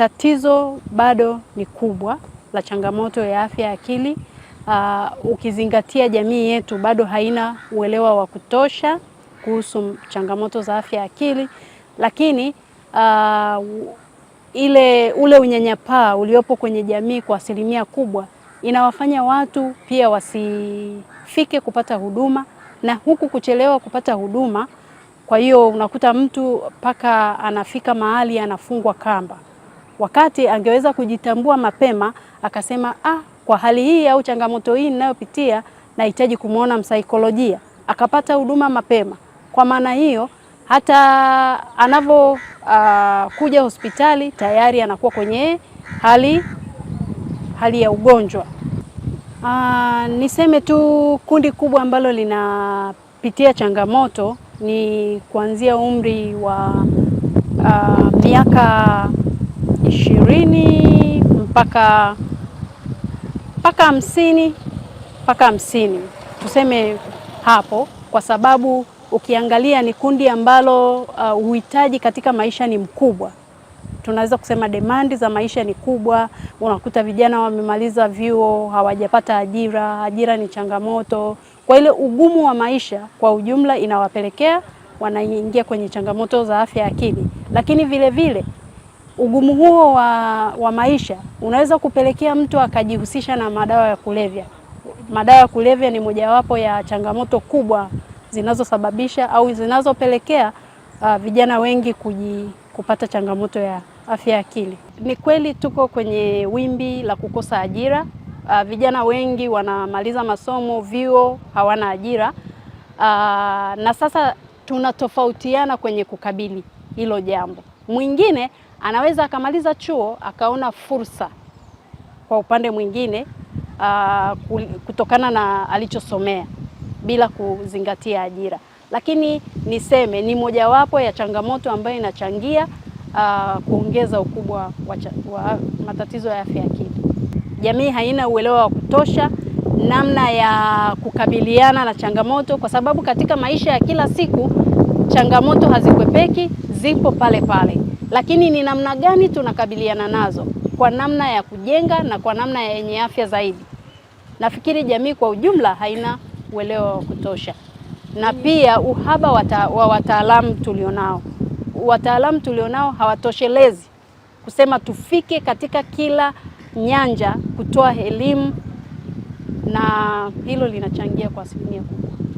tatizo bado ni kubwa la changamoto ya afya ya akili. Uh, ukizingatia jamii yetu bado haina uelewa wa kutosha kuhusu changamoto za afya ya akili, lakini uh, ile ule unyanyapaa uliopo kwenye jamii kwa asilimia kubwa inawafanya watu pia wasifike kupata huduma na huku kuchelewa kupata huduma. Kwa hiyo unakuta mtu mpaka anafika mahali anafungwa kamba wakati angeweza kujitambua mapema akasema, ah, kwa hali hii au changamoto hii ninayopitia nahitaji kumwona msaikolojia, akapata huduma mapema. Kwa maana hiyo hata anavyo uh, kuja hospitali tayari anakuwa kwenye hali, hali ya ugonjwa. Uh, niseme tu kundi kubwa ambalo linapitia changamoto ni kuanzia umri wa uh, miaka ishirini mpaka mpaka hamsini mpaka hamsini tuseme hapo, kwa sababu ukiangalia ni kundi ambalo uh, uhitaji katika maisha ni mkubwa tunaweza kusema demandi za maisha ni kubwa. Unakuta vijana wamemaliza vyuo hawajapata ajira, ajira ni changamoto. Kwa ile ugumu wa maisha kwa ujumla, inawapelekea wanaingia kwenye changamoto za afya ya akili, lakini vile vile ugumu huo wa, wa maisha unaweza kupelekea mtu akajihusisha na madawa ya kulevya. Madawa ya kulevya ni mojawapo ya changamoto kubwa zinazosababisha au zinazopelekea uh, vijana wengi kuji, kupata changamoto ya afya ya akili. Ni kweli tuko kwenye wimbi la kukosa ajira. Uh, vijana wengi wanamaliza masomo vyuo, hawana ajira uh, na sasa tunatofautiana kwenye kukabili hilo jambo. Mwingine anaweza akamaliza chuo akaona fursa kwa upande mwingine uh, kutokana na alichosomea bila kuzingatia ajira, lakini niseme ni mojawapo ya changamoto ambayo inachangia uh, kuongeza ukubwa wa, wa matatizo ya afya akili. Jamii haina uelewa wa kutosha namna ya kukabiliana na changamoto, kwa sababu katika maisha ya kila siku changamoto hazikwepeki zipo pale pale, lakini ni namna gani tunakabiliana nazo kwa namna ya kujenga na kwa namna ya yenye afya zaidi. Nafikiri jamii kwa ujumla haina uelewa wa kutosha, na pia uhaba wata, wa wataalamu tulionao, wataalamu tulionao hawatoshelezi kusema tufike katika kila nyanja kutoa elimu, na hilo linachangia kwa asilimia kubwa.